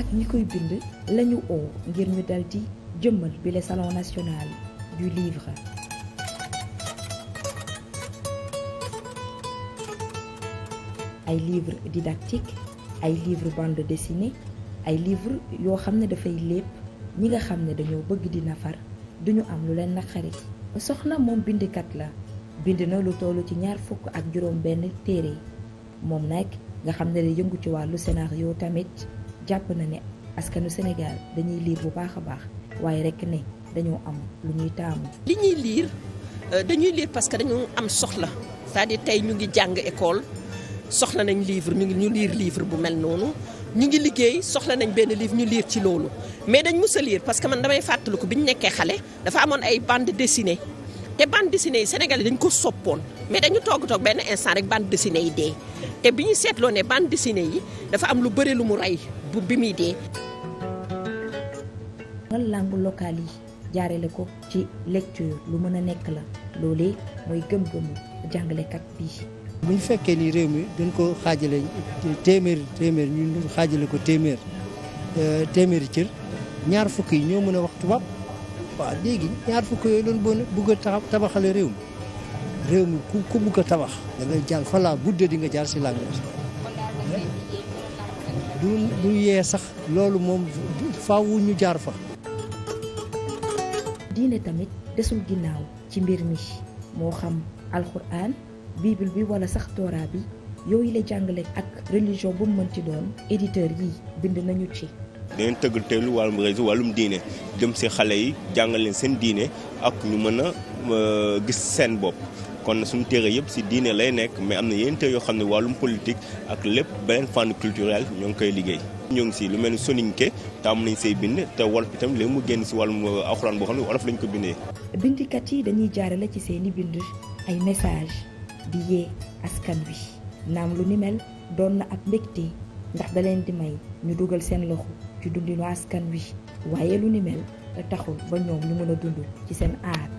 ak ñi koy bind lañu oo ngir ñu dal di jëmmal bile salon national du livre ay livre didactique ay livre bande dessinée ay livre yoo xam ne dafay lépp ñi nga xam ne dañoo bëgg di nafar duñu am lu leen naqari soxna moom bindkat la bind na lu toll ci ñaar fukk ak juróom benn téere moom nag nga xam ne da yëngu ci wàllu scénario tamit jàpp na ne askanu Sénégal dañuy liir bu baax a baax waaye rek ne dañoo am lu ñuy taamu. li ñuy liir euh, dañuy liir parce que dañu am soxla saa di tey ñu ngi jàng école soxla nañ livre ñu ngi ñu liir livre bu mel noonu ñu ngi liggéey soxla nañ benn livre ñu liir ci loolu mais dañ mus a liir parce que man damay fàttaliku bi ñu nekkee xale dafa amoon ay bande dessinée te bande dessinée yi Sénégalais dañ ko soppoon mais dañu togg toog benn instant rek bande dessinée yi dee te bi ñu seetloo ne bande dessinée yi dafa am lu bëri lu mu rey bu bi muy dee. ngal langue locale yi jaareele ko ci lecture lu mën a nekk la loolee mooy gëm-gëmu jàngalekat bii. bu ñu fekkee ni réew mi dañ ko xaajale téeméer téeméer ñu xaajale ko téeméer euh, téeméeri cër ñaar fukk yi ñoo mën a wax tubaab. waaw léegi ñaar fukk yooyu loolu boo bëgg tabaxale réew mi réew mi ku ku bëgg tabax da jaar fa laa budde di nga jaar si langage du du yee sax loolu moom faaw ñu jaar fa diine tamit desul ginnaaw ci mbir mi moo xam alxuraan bible bi wala sax toora bi yooyu la jàngale ak religion bu mu ci doon éditeur yi bind nañu ci dangeen tëggal teelu wàllum réseau wàllum diine dem si xale yi jàngal seen diine ak ñu mën a euh, gis seen bopp kon na suñu téere yëpp si diine lay nekk mais am na yeneen téere yoo xam ne wàllum politique ak lépp beneen fànn culturel ñoo ngi koy liggéey ñoo ngi si lu mel ni soninke taamu nañ say bind te wolof itam leen mu génn si wàllum euh, alxuraan boo xam ne wolof lañ ko bindee bindikat yi dañuy jaarale ci seeni bind ay message di yee askan bi naam lu ni mel doon na ak mbégte da leen di ñu dugal seen loxo ci dundinu askan wi waaye lu ni mel taxul ba ñoom ñu mën a dund ci seen aar